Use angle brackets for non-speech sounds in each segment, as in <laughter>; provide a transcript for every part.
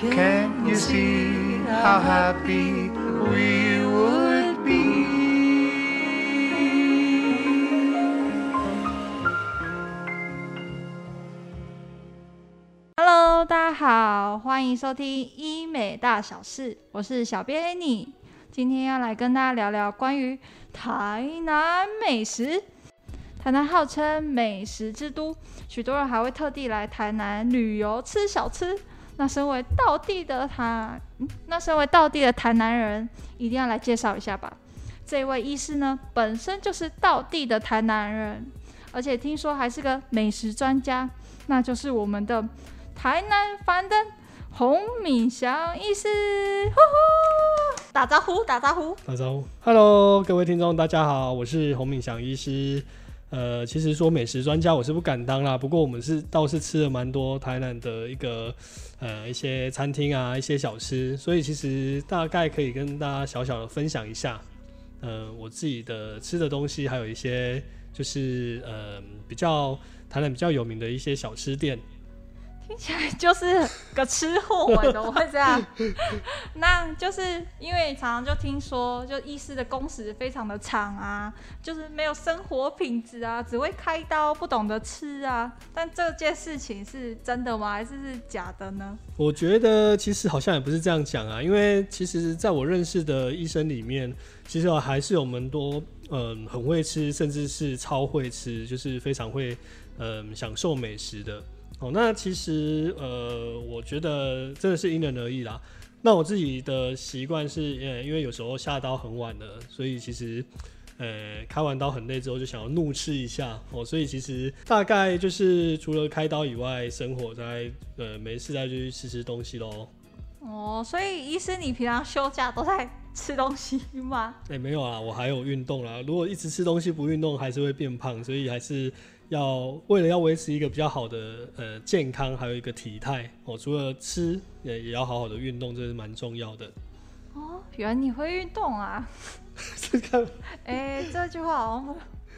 Can you see how happy we would be? Hello, 大家好，歡迎收聽醫美大小事，我是小編 Annie 今天要來跟大家聊聊關於台南美食。台南號稱美食之都，許多人還會特地來台南旅遊吃小吃。那身為道地的台、嗯，那身為道地的台南人，一定要來介紹一下吧。這位醫師呢，本身就是道地的台南人，而且聽說還是個美食專家，那就是我們的台南凡登洪敏翔醫師，呼呼。打招呼，打招呼，打招呼。Hello，各位聽眾，大家好，我是洪敏翔醫師。呃，其實說美食專家我是不敢當啦，不過我們是倒是吃了蠻多台南的一個呃一些餐廳啊，一些小吃，所以其實大概可以跟大家小小的分享一下，呃，我自己的吃的東西，還有一些就是呃比較台南比較有名的一些小吃店。 <laughs> 聽起來，就是個吃貨，我都會這樣。 <laughs> 那就是因為常常就聽說，就醫師的工時非常的長啊，就是沒有生活品質啊，只會開刀，不懂得吃啊。但這件事情是真的嗎？還是是假的呢？我覺得其實好像也不是這樣講啊，因為其實在我認識的醫生裡面，其實還是有蠻多，嗯，很會吃，甚至是超會吃，就是非常會，嗯，享受美食的。哦、喔，那其實呃，我覺得真的是因人而異啦。那我自己的習慣是，呃、欸，因為有時候下刀很晚了，所以其實，呃、欸，開完刀很累之後就想要怒吃一下哦、喔。所以其實大概就是除了開刀以外，生活在呃沒事在就去吃吃東西嘍。哦，所以醫生你平常休假都在吃東西嗎？哎、欸，沒有啊，我還有運動啦。如果一直吃東西不運動，還是會變胖，所以還是。要為了要維持一個比較好的呃健康，還有一個體態我、喔、除了吃也也要好好的運動，這是蠻重要的。哦，原來你會運動啊？這個哎， <laughs> 這句話哦，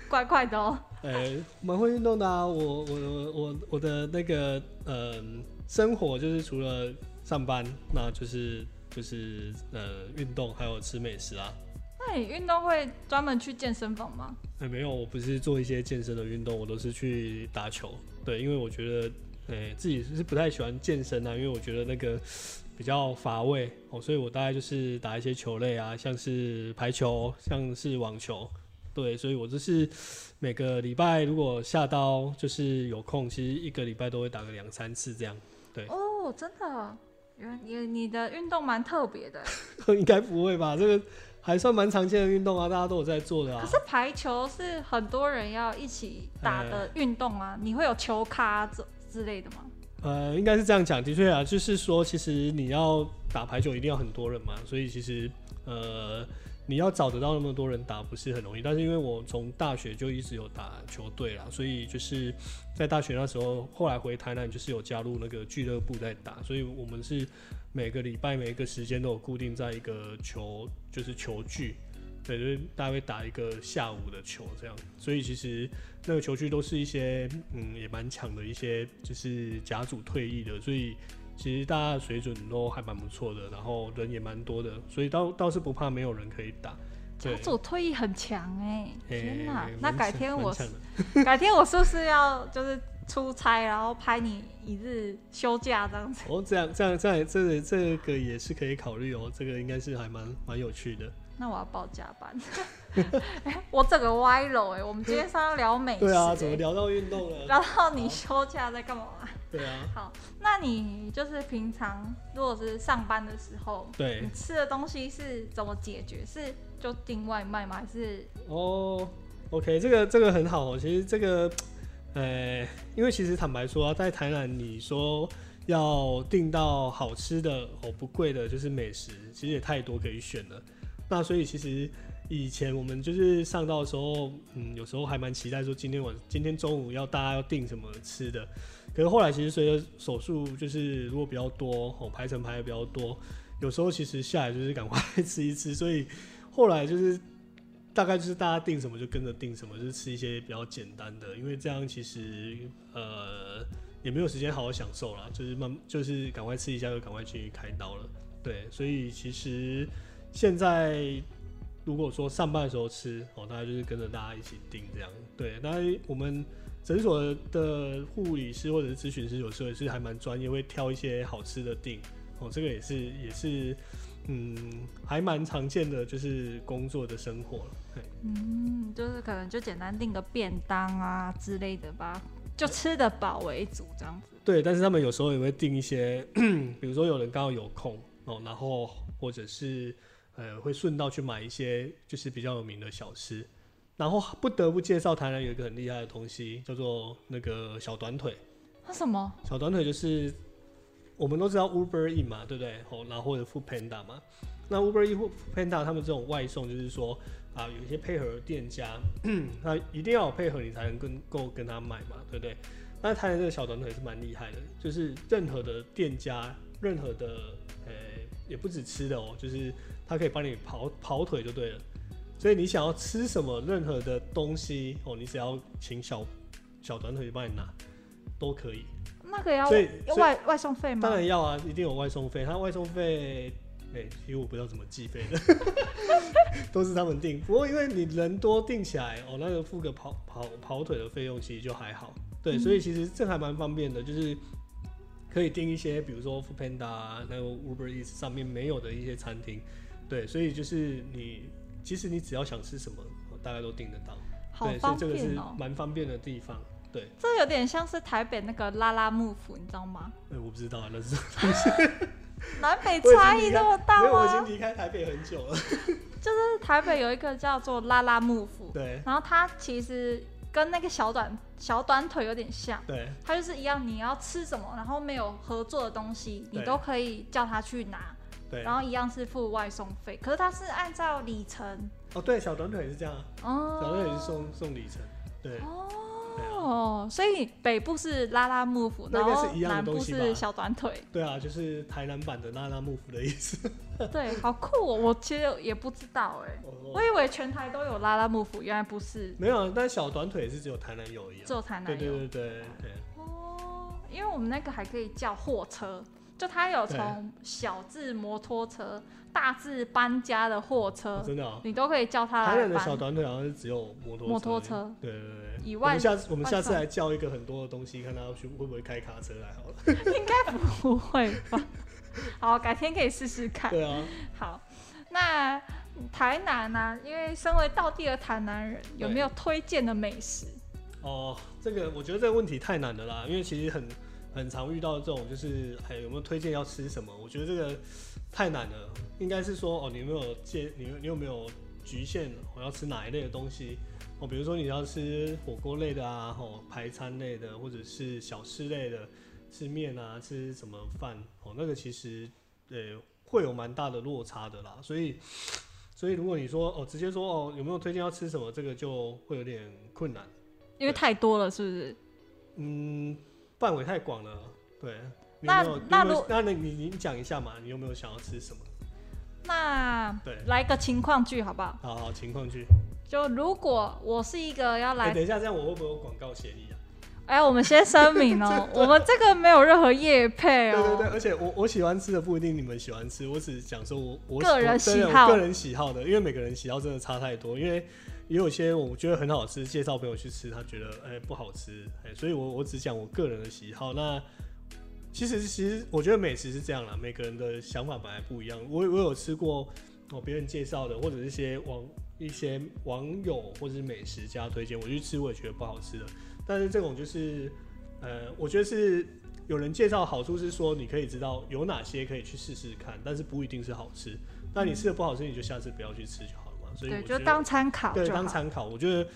怪怪的哦。哎、欸，蠻會運動的啊！我我我我我的那個嗯、呃，生活就是除了上班，那就是就是呃運動，還有吃美食啊。對、欸，運動會專門去健身房嗎？哎、欸，沒有，我不是做一些健身的運動，我都是去打球。對，因為我覺得，哎、欸，自己是不太喜歡健身啊，因為我覺得那個比較乏味哦、喔，所以我大概就是打一些球類啊，像是排球，像是網球。對，所以我就是每個禮拜如果下刀就是有空，其實一個禮拜都會打個兩三次這樣。對哦，真的，你你的運動蠻特別的、欸。 <laughs> 應該不會吧？這個。還算蠻常見的運動啊，大家都有在做的啊。可是排球是很多人要一起打的運動啊，呃，你會有球咖之之類的嗎？呃，應該是這樣講，的確啊，就是說，其實你要打排球一定要很多人嘛，所以其實呃，你要找得到那麼多人打不是很容易。但是因為我從大學就一直有打球隊啦，所以就是在大學那時候，後來回台南就是有加入那個俱樂部在打，所以我們是。每個禮拜每一個時間都有固定在一個球，就是球局。對，就是大概打一個下午的球這樣。所以其實那個球局都是一些，嗯，也蠻強的一些，就是甲組退役的。所以其實大家的水準都還蠻不錯的，然後人也蠻多的，所以倒倒是不怕沒有人可以打。甲組退役很強哎、欸，天哪、欸！那改天我， <laughs> 改天我是不是要就是？出差，然後拍你一日休假這樣子。哦，這樣這樣這樣這個、這個也是可以考慮哦、喔，這個應該是還蠻蠻有趣的。那我要報加班、 <laughs> 欸。我整個歪樓哎、欸，我們今天上聊美食、欸。 <laughs> 對啊，怎麼聊到運動了？聊到你休假在幹嘛？對啊。好，那你就是平常如果是上班的時候，對，你吃的東西是怎麼解決？是就訂外賣嗎？還是？哦、oh，OK，這個這個很好、喔、其實這個。誒、欸，因為其實坦白說啊，在台南，你說要訂到好吃的哦，不貴的，就是美食，其實也太多可以選了。那所以其實以前我們就是上刀的時候，嗯，有時候還蠻期待說今天晚、今天中午要大家要訂什麼吃的。可是後來其實隨着手術就是如果比較多哦，排程排的比較多，有時候其實下來就是趕快吃一吃，所以後來就是。大概就是大家定什麼就跟着定什麼，就是吃一些比較簡單的，因為這樣其實呃也沒有時間好好享受啦，就是慢就是趕快吃一下就趕快去開刀了，對，所以其實現在如果說上班的時候吃哦，大家就是跟着大家一起訂這樣，對，那我們診所的護理師或者是諮詢師有時候也是還蠻專業，會挑一些好吃的訂哦，這個也是也是。嗯，還蠻常見的，就是工作的生活了。嗯，就是可能就簡單訂個便當啊之類的吧，就吃得飽為主這樣子。對，但是他們有時候也會訂一些， <coughs> 比如說有人剛好有空哦，然後或者是呃，會順道去買一些就是比較有名的小吃。然後不得不介紹台南有一個很厲害的東西，叫做那個小短腿。那什麼？小短腿就是。我們都知道 Uber E 嘛，對不對？哦，然後或者 Food Panda 嘛，那 Uber E 或 Food Panda 他們這種外送，就是說啊，有一些配合的店家，他、啊、一定要有配合你才能跟夠跟他買嘛，對不對？那他的這個小短腿是蠻厲害的，就是任何的店家，任何的呃、欸，也不止吃的哦，就是他可以幫你跑跑腿就對了。所以你想要吃什麼，任何的東西哦，你只要請小小短腿幫你拿，都可以。那個、要所以，所以外外送費嗎？當然要啊，一定有外送費。他外送費，哎、欸，因為我不知道怎麼計費的， <laughs> 都是他們定。不過因為你人多定起來，哦，那個付個跑跑跑腿的費用其實就還好。對，嗯、所以其實這還蠻方便的，就是可以訂一些，比如說 Food Panda、那個 Uber Eats 上面沒有的一些餐廳。對，所以就是你其實你只要想吃什麼，哦、大概都訂得到。好方便、哦、對，所以這個是蠻方便的地方。對，這有點像是台北那個 Lalamove，你知道嗎？哎、欸，我不知道，那是。 <laughs> 南北差異那麼大嗎？沒有，我已經離開台北很久了。就是台北有一個叫做 Lalamove，對。然後它其實跟那個小短小短腿有點像，對。它就是一樣，你要吃什麼，然後沒有合作的東西，你都可以叫他去拿，對。然後一樣是付外送費，可是它是按照里程。哦，對，小短腿是這樣，哦，小短腿是送送里程，對。哦哦、oh, 啊，所以北部是 Lalamove，然後是一樣的東西吧，南部是小短腿，對啊，就是台南版的 Lalamove 的意思。 <laughs> 對，好酷哦、喔！我其實也不知道，哎、欸，oh, oh. 我以為全台都有 Lalamove，原來不是。沒有、啊，但小短腿是只有台南有，只有台南有。對對對對。哦、okay. oh,，因為我們那個還可以叫貨車，就它有從小至摩托車、大至搬家的貨車，oh, 真的、喔，你都可以叫它。台南的小短腿好像是只有摩托車摩托車，對對對。以外我們下次我們下次來叫一個很多的東西，看他去會不會開卡車來好了。應該不會吧？ <laughs> 好，改天可以試試看。對啊。好，那台南啊，因為身為道地的台南人，有沒有推薦的美食？哦，這個我覺得這個問題太難了啦，因為其實很很常遇到這種，就是哎，有沒有推薦要吃什麼？我覺得這個太難了，應該是說哦，你有沒有介你你有沒有局限我要吃哪一類的東西？哦，比如說你要吃火鍋類的啊，吼、哦，排餐類的，或者是小吃類的，吃麵啊，吃什麼飯，哦，那個其實，呃、欸，會有蠻大的落差的啦。所以，所以如果你說，哦，直接說，哦，有沒有推薦要吃什麼？這個就會有點困難，因為太多了，是不是？嗯，範圍太廣了，對。有有那有有那那，那你你講一下嘛，你有沒有想要吃什麼？那對，來個情況劇好不好？好好，情況劇。就如果我是一個要來，欸、等一下這樣我會不會有廣告嫌疑啊？哎、欸，我們先聲明哦、喔， <laughs> 我們這個沒有任何業配哦、喔。對對對。而且我我喜歡吃的不一定你們喜歡吃，我只講是說我我個人喜好我對對對我個人喜好的，因為每個人喜好真的差太多，因為也有些我覺得很好吃，介紹朋友去吃他覺得哎、欸、不好吃哎、欸，所以我我只講我個人的喜好。那其實其實我覺得美食是這樣啦，每個人的想法本來不一樣。我我有吃過哦別人介紹的，或者是一些網。一些網友或是美食家推薦我去吃，我也覺得不好吃的。但是這種就是，呃，我覺得是有人介紹好處是說，你可以知道有哪些可以去試試看，但是不一定是好吃。那你吃的不好吃，你就下次不要去吃就好了。嗯對，就當參考就好。對，當參考。我覺得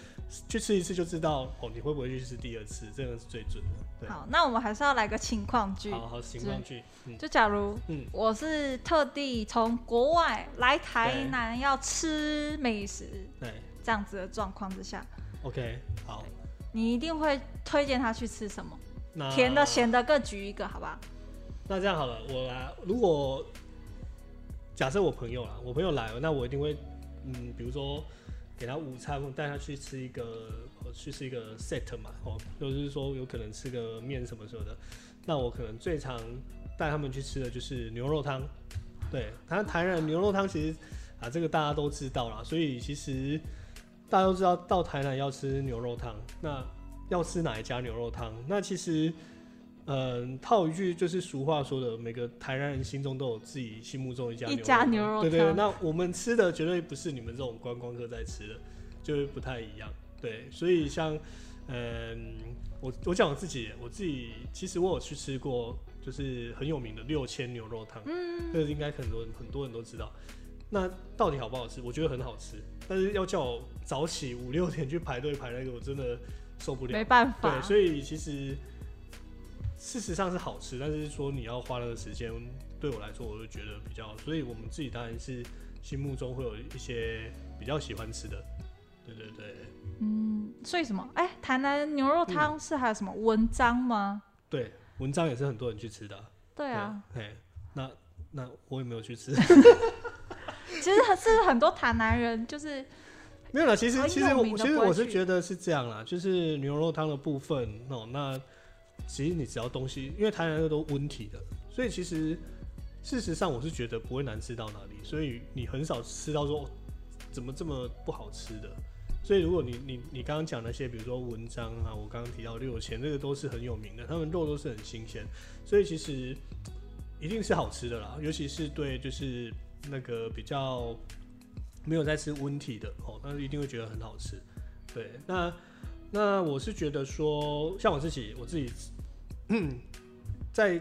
去吃一次就知道哦、喔，你會不會去吃第二次，這個是最準的，對。好，那我們還是要來個情況劇。好好，情況劇、嗯。就假如，嗯，我是特地從國外來台南要吃美食，對，這樣子的狀況之下，OK，好，你一定會推薦他去吃什麼？甜的、鹹的各舉一個，好吧？那這樣好了，我來。如果假設我朋友啊，我朋友來了，那我一定會。嗯，比如說給他午餐，或帶他去吃一個、呃，去吃一個 set 嘛，哦，就是說有可能吃個麵什麼什麼的，那我可能最常帶他們去吃的就是牛肉湯。對，他台南牛肉湯其實啊，這個大家都知道啦，所以其實大家都知道到台南要吃牛肉湯，那要吃哪一家牛肉湯，那其實。嗯，套一句就是俗話說的，每個台南人心中都有自己心目中一家牛，一家牛肉湯。對，對對，那我們吃的絕對不是你們這種觀光客在吃的，就是不太一樣。對，所以像，嗯，我我講我自己，我自己其實我有去吃過，就是很有名的六千牛肉湯，嗯，這個應該很多人很多人都知道。那到底好不好吃？我覺得很好吃，但是要叫我早起五六點去排隊排那個，我真的受不了，沒辦法。對，所以其實。事實上是好吃，但是說你要花那個時間，對我來說，我就覺得比較好，所以我們自己當然是心目中會有一些比較喜歡吃的，對對對，嗯，所以什麼？哎、欸，台南牛肉湯是還有什麼、嗯、文章嗎？對，文章也是很多人去吃的。對啊，哎、嗯，那那我也沒有去吃。 <laughs> <laughs> 其實是很多台南人就是有沒有了。其實其實我其實我是覺得是這樣啦，就是牛肉湯的部分哦，那。其實你只要東西，因為台南那都溫體的，所以其實事實上我是覺得不會難吃到哪裡，所以你很少吃到說、哦、怎麼這麼不好吃的。所以如果你你你剛剛講那些，比如說文章啊，我剛剛提到六千這個都是很有名的，他們肉都是很新鮮，所以其實一定是好吃的啦。尤其是對就是那個比較沒有在吃溫體的哦，但是一定會覺得很好吃。對，那。那我是覺得說，像我自己，我自己，在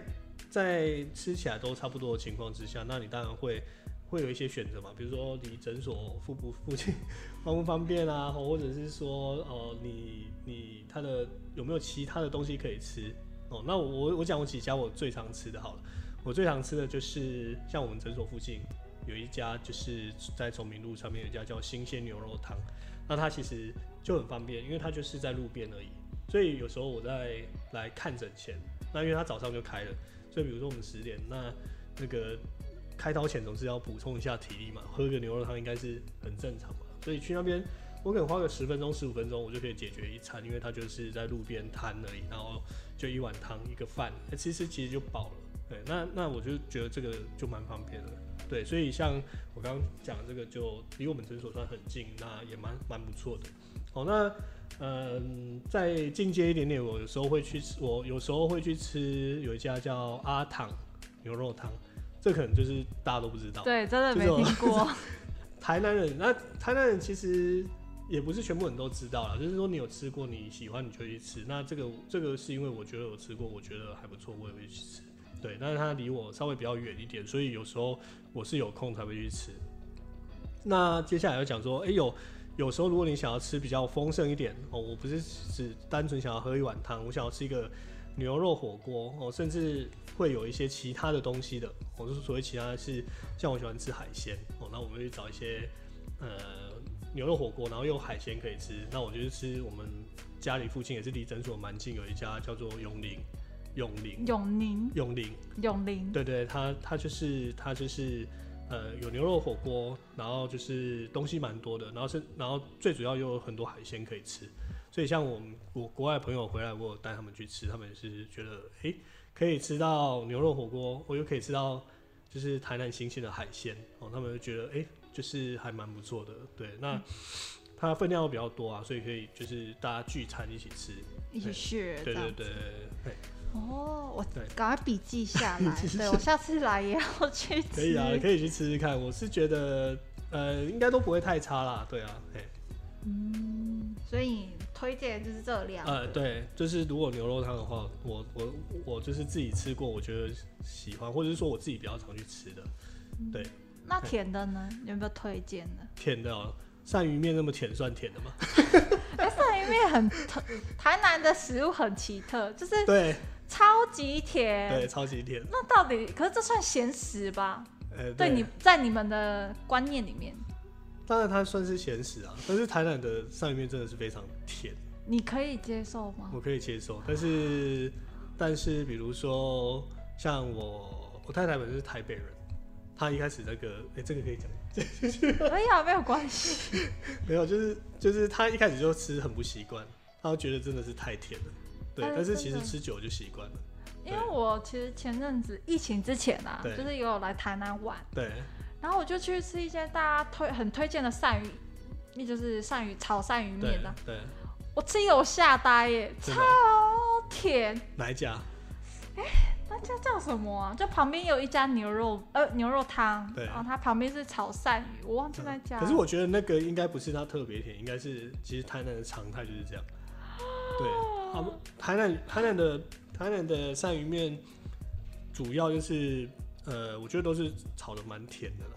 在吃起來都差不多的情況之下，那你當然會會有一些選擇嘛，比如說你診所附不附近方不方便啊，或者是說哦、呃，你你他的有沒有其他的東西可以吃哦？那我我講我幾家我最常吃的好了，我最常吃的就是像我們診所附近有一家，就是在崇明路上面有一家叫新鮮牛肉湯。那它其實就很方便，因為它就是在路邊而已。所以有時候我在來看診前，那因為它早上就開了，所以比如說我們十點，那那個開刀前總是要補充一下體力嘛，喝個牛肉湯應該是很正常嘛。所以去那邊，我可能花個十分鐘、十五分鐘，我就可以解決一餐，因為它就是在路邊攤而已，然後就一碗湯一個飯，其實其實就飽了。對，那那我就覺得這個就蠻方便的，對，所以像我剛剛講的這個就離我們診所算很近，那也蠻蠻不錯的。好、哦，那嗯，再進階一點點，我有時候會去吃，我有時候會去吃有一家叫阿糖牛肉湯，這個、可能就是大家都不知道，對，真的沒聽過。 <laughs> 台南人，那台南人其實也不是全部人都知道啦，就是說你有吃過你喜歡你就去吃。那這個這個是因為我覺得有吃過，我覺得還不錯，我也會去吃。對，但是它離我稍微比較遠一點，所以有時候我是有空才會去吃。那接下來要講說，哎、欸、有，有時候如果你想要吃比較豐盛一點哦、喔，我不是只單純想要喝一碗湯，我想要吃一個牛肉火鍋哦、喔，甚至會有一些其他的東西的。我、喔、就是所謂其他的是，像我喜歡吃海鮮哦，那、喔、我們去找一些呃牛肉火鍋，然後用海鮮可以吃。那我就是吃我們家裡附近也是離診所蠻近，有一家叫做永林。永寧，永寧，永寧，永寧。對對，對，它它，就是它就是，呃，有牛肉火鍋，然後就是東西蠻多的，然後是然後最主要又有很多海鮮可以吃，所以像我們國外朋友回來，我有帶他們去吃，他們是覺得、欸、可以吃到牛肉火鍋，我又可以吃到就是台南新鮮的海鮮哦、喔，他們就覺得哎、欸，就是還蠻不錯的。對，那、嗯、它分量又比較多啊，所以可以就是大家聚餐一起吃，也是，吃，對對對。哦、oh,，我趕快筆記下來。 <laughs> 對，我下次來也要去吃。可以啊，可以去吃吃看。我是覺得，呃，應該都不會太差啦。對啊，嗯，所以你推薦的就是這兩。呃，對，就是如果牛肉湯的話，我我我就是自己吃過，我覺得喜歡，或者是說我自己比較常去吃的。嗯、對，那甜的呢？有沒有推薦的？甜的哦、喔，鱔魚麵那麼甜算甜的嗎？哎、 <laughs> 欸，鱔魚麵很疼， <laughs> 台南的食物很奇特，就是對。超級甜，對，超級甜。那到底，可是這算鹹食吧，欸，對？對，你在你們的觀念裡面，當然它算是鹹食啊。但是台南的上面真的是非常甜，你可以接受嗎？我可以接受，但是，啊，但是比如說像我，我太太本身是台北人，她一開始那，這個，哎，欸，這個可以講講下去，可以啊，沒有關係， <laughs> 沒有，就是就是她一開始就吃很不習慣，她覺得真的是太甜了。對，但是其實吃久就習慣了、欸。因為我其實前陣子疫情之前啊，就是有來台南玩，對，然後我就去吃一些大家推很推薦的鱔魚，那就是鱔魚炒鱔魚麵啊。對。我吃有嚇呆耶，超甜。哪一家？哎、欸，那家叫什麼啊？就旁邊有一家牛肉呃，牛肉湯，對，然後它旁邊是炒鱔魚，我忘記哪家、嗯。可是我覺得那個應該不是它特別甜，應該是其實台南的常態就是這樣。對、啊，台南台南的台南的鱔魚麵，主要就是呃，我覺得都是炒的蠻甜的啦。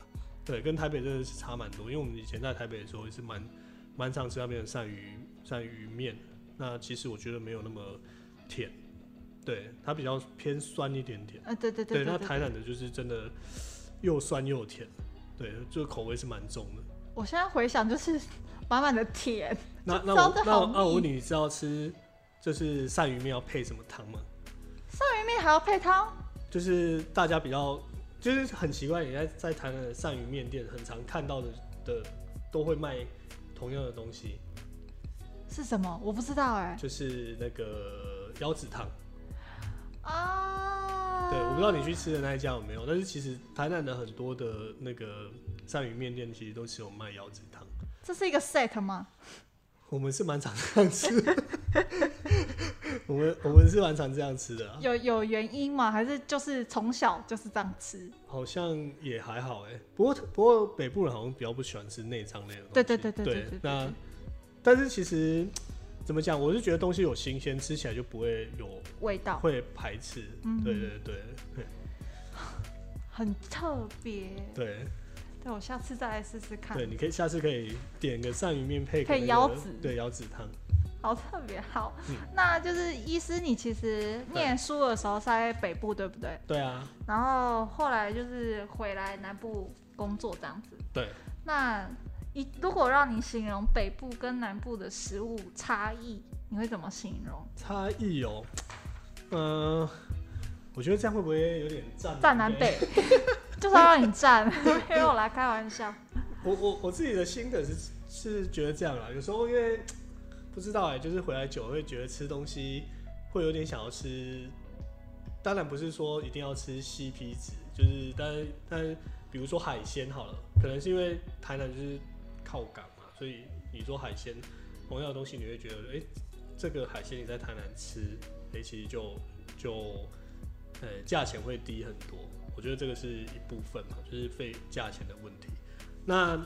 對，跟台北真的是差蠻多，因為我們以前在台北的時候也是蠻蠻常吃那邊的鱔魚鱔魚麵的。那其實我覺得沒有那麼甜，對，它比較偏酸一點點。呃、對，對對對，那台南的就是真的又酸又甜，對，這個口味是蠻重的。我現在回想就是。滿滿的甜，那那我那那我，那我、啊、你知道吃就是鱔魚麵要配什麼湯嗎？鱔魚麵還要配湯？就是大家比較，就是很奇怪，你在在台南的鱔魚麵店很常看到的的都會賣同樣的東西，是什麼？我不知道哎、欸。就是那個腰子湯啊。Uh... 對，我不知道你去吃的那一家有沒有，但是其實台南的很多的那個鱔魚麵店其實都是有賣腰子湯。這是一個 set 嗎？我們是蠻常這樣吃，我們我們是蠻常這樣吃的， <laughs> <laughs> 樣吃的，啊。有有原因嗎？還是就是從小就是這樣吃？好像也還好哎、欸。不過不過北部人好像比較不喜歡吃內臟類的東西。對對，對對對對對。那對對對對對對，但是其實怎麼講？我是覺得東西有新鮮，吃起來就不會有味道，會排斥。嗯、對對對對。對，很特別。對。我下次再來試試看。對，你可以下次可以點個鱔魚麵配可配腰子，對，腰子湯，好特別好、嗯。那就是醫師你其實唸書的時候在北部，對不對？對啊。然後後來就是回來南部工作這樣子。對。那一如果讓你形容北部跟南部的食物差異，你會怎麼形容？差異哦，嗯、呃，我覺得這樣會不會有點戰南北？ <laughs> 就是要讓你站，因 <laughs> 為我來開玩笑。我我我自己的心得是是覺得這樣啦，有時候因為不知道哎、欸，就是回來久了會覺得吃東西會有點想要吃。當然不是說一定要吃 CP 值，就是但但比如說海鮮好了，可能是因為台南就是靠港嘛，所以你做海鮮同樣的東西，你會覺得哎、欸，這個海鮮你在台南吃，哎、欸、其實就就呃價、欸、錢會低很多。我覺得這個是一部分嘛，就是費價錢的問題。那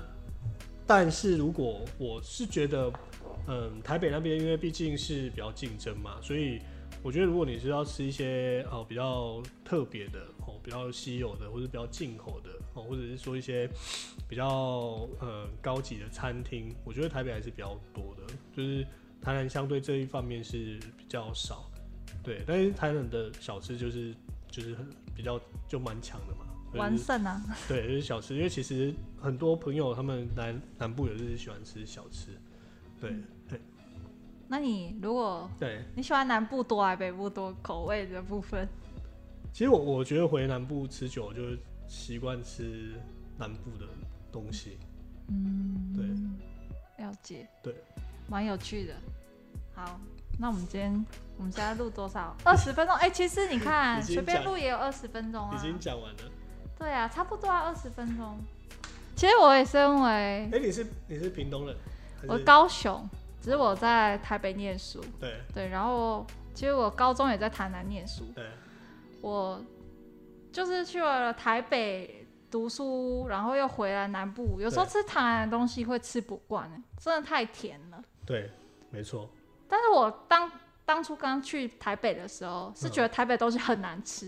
但是如果我是覺得，嗯，台北那邊因為畢竟是比較競爭嘛，所以我覺得如果你是要吃一些哦，比較特別的哦，比較稀有的或者比較進口的哦，或者是說一些比較呃、嗯、高級的餐廳，我覺得台北還是比較多的，就是台南相對這一方面是比較少，對。但是台南的小吃就是。就是很比較就蠻強的嘛，完善啊、就是，對，就是小吃， <laughs> 因為其實很多朋友他們南南部也是喜歡吃小吃，對對、嗯欸。那你如果對你喜歡南部多還北部多口味的部分？其實我我覺得回南部吃久，就是習慣吃南部的東西，嗯，對，了解，對，蠻有趣的，好。那我們今天我們現在錄多少？二 <laughs> 十分鐘？哎、欸，其實你看，隨便錄也有二十分鐘啊。已經講完了。對啊，差不多要二十分鐘。其實我也是為……哎、欸，你是你是屏東人是？我高雄，只是我在台北念書。對對，然後其實我高中也在台南念書。對。我就是去了台北讀書，然後又回來南部。有時候吃台南的東西會吃不慣、欸，真的太甜了。對，沒錯。但是我當當初剛去台北的時候，是覺得台北東西很難吃，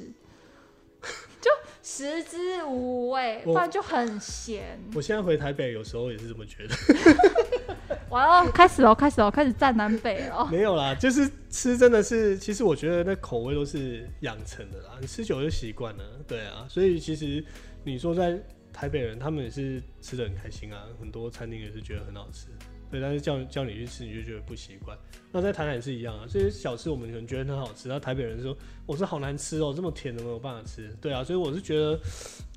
嗯、就食之無味， <laughs> 不然就很鹹。我現在回台北，有時候也是這麼覺得。完 <laughs> 了、wow，開始了，開始了，開始在南北了 <laughs> 沒有啦，就是吃真的是，其實我覺得那口味都是養成的啦，你吃久就習慣了。對啊，所以其實你說在台北人，他們也是吃的很開心啊，很多餐廳也是覺得很好吃。對，但是叫、叫你去吃，你就覺得不習慣。那在台南也是一樣啊。這些小吃我們可能覺得很好吃，那台北人說我是好難吃哦，這麼甜都沒有辦法吃。對啊，所以我是覺得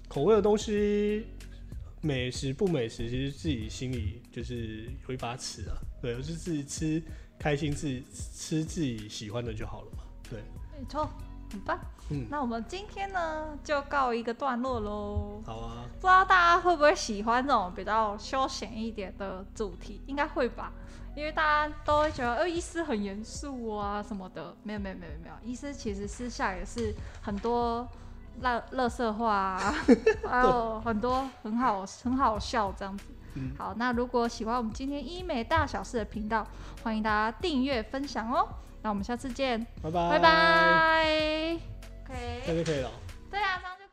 口味的東西，美食不美食，其實自己心裡就是有一把尺啊。對，我是自己吃開心，自己吃自己喜歡的就好了嘛。對，沒錯。很棒、嗯，那我們今天呢就告一個段落嘍。好啊，不知道大家會不會喜歡這種比較休閒一點的主題？應該會吧，因為大家都會覺得，呃，醫師很嚴肅啊什麼的。沒有沒有沒有沒有，醫師其實私下也是很多垃、垃圾話，啊、 <laughs> 還有很多很好很好笑這樣子、嗯。好，那如果喜歡我們今天醫美大小事的頻道，歡迎大家訂閱分享哦。那我們下次見，拜拜，拜拜，OK，這邊可以了喔？這就可以了，對啊，這就。